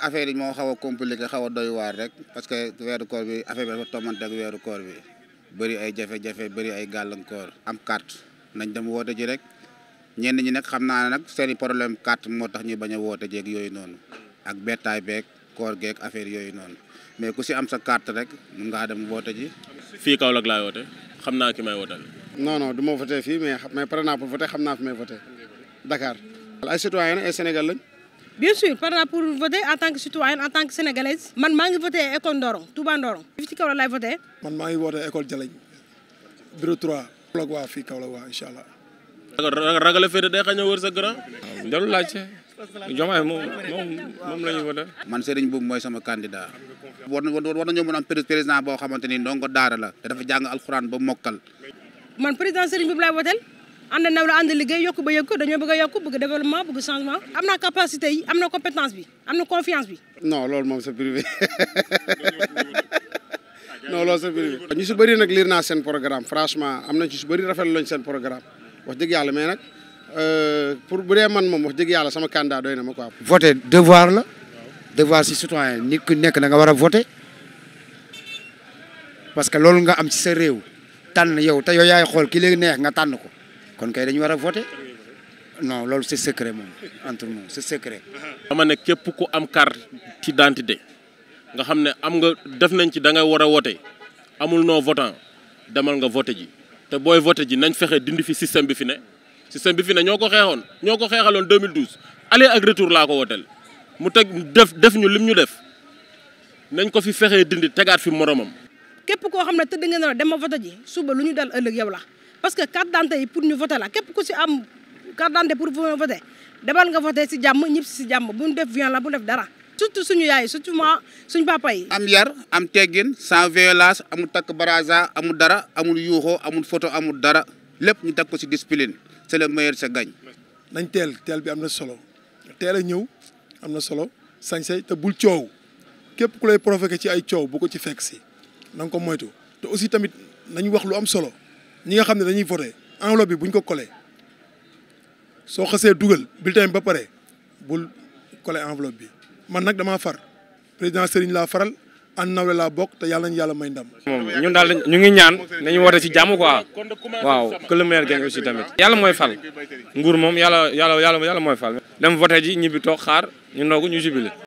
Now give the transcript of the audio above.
affaire yi moo xaw a compliqué xaw a doy waar rek parce que weeru koor bi affaire bi dafa tombante ak weeru koor bi bëri ay jafe-jafe bëri ay gàllankoor am carte nañ dem woote ji rek ñenn ñi nag xam naa ne nag seeni problème carte moo tax ñu bañ a woote jeeg yooyu noonu ak bettaay beeg koor geeg affaire yooyu noonu mais ku si am sa carte rek mun ngaa dem woote ji. fii Kaolack laay woote xam naa ki may wooteel. non non du ma voté fii mais mais par exemple voté xam naa fi may voté Dakar. ay citoyen ay Sénégal lañ. bien sûr par rapport pour voter en tant que citoyenne en tant que sénégalaise. man maa ngi voté école Ndorong Touba Ndorong. fii ci la laay voté. man maa ngi voté école Jalañ bureau 3. Kaolack waa fii Kaolack waa incha allah. ragale féete day xañ a sa grand. waaw laajte Diomaye moom moom la ñu voté. man Serigne Boubou mooy sama candidat. war na war nañoo mën a am président boo xamante ni ndongo daara la te dafa jàng alxuraan ba mokkal. man président Serigne Boubou laay voté. ànd naw la ànd liggéey yokk ba yokk dañoo bëgg a yokk bëgg développement bëgg changement. am naa capacité yi am na compétence bi am na confiance bi. non loolu moom sa privé non loolu c'est privé. ñu si bëri nag liir naa seen programme franchement am na ci su bëri rafetlu lañ seen programme wax dëgg yàlla mais nag euh, pour bu dee man moom wax dëgg yàlla sama candidat doy na ma quoi. voter devoir la. devoir si citoyen nit ki nekk na nga war a parce que loolu nga am ci sa réew tànn yow te yow yaay xool ki léegi neex nga tànn ko. kon kay dañu war a voter non loolu c'est secret moom entre nous c'est secret. dama ne képp ku am carte d'identité nga xam ne am nga def nañ ci da nga war a voter amul non votant demal nga voter ji te booy vote ji nañ fexe dindi fi système bi fi ne système bi fi ñoo ko xeexoon ñoo ko xeexaloon 2012 aller ak retour laa ko woteel mu teg def def ñu lim ñu def nañ ko fi fexe dindi tegaat fi moroomam képp koo xam ne tëdd nga ne la dama voter ji suba lu ñu dal ëllëg yow la. parce que carte d'identité yi pour ñu voter la képp ku si am carte d'identité pour voter demal nga voter si jàmm ñëpp si jàmm bu ñu def violence la bu def dara surtout suñu yaay surtout ma suñu papa yi. am yar am teggin sans violence amul takk baraza amul dara amul yuuxoo amul photo amul dara lépp ñu teg ko si discipline c'est le meilleur sa gañ. nañ teel teel bi am na solo teel a ñëw am na solo sañse te bul coow képp ku lay provoqué ci ay coow bu ko ci fekk si na nga ko moytu te aussi tamit nañ wax lu am solo. ñi nga xam ne dañuy voté enveloppe bi bu ñu ko collé soo xasee dugal bulletin bi ba pare bul collé enveloppe bi man nag damaa far président Serigne laa faral ànd nawle laa bokk te yàlla nañu yàlla may ndam. ñu ngi ñaan nañu woote ci jàmm quoi waaw que le maire gagne aussi tamit. yàlla mooy fal nguur moom yàlla yàlla yàlla yàlla mooy fal. dem voté ji ñibbi toog xaar ñu noogu ñu jubile